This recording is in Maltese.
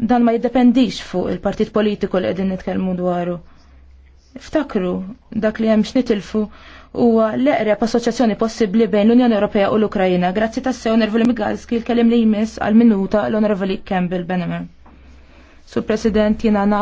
dan ma jiddependix fuq il-partit politiku li qegħdin nitkellmu dwaru. Ftakru dak li hemm xnitilfu huwa l-eqreb assoċjazzjoni possibbli bejn l-Unjoni Ewropea u l-Ukrajina. Grazzi tas-sew Nervoli Migalski l-kelim li jmiss għal minuta l-Onorevoli Campbell Benemer. Sur President jina naf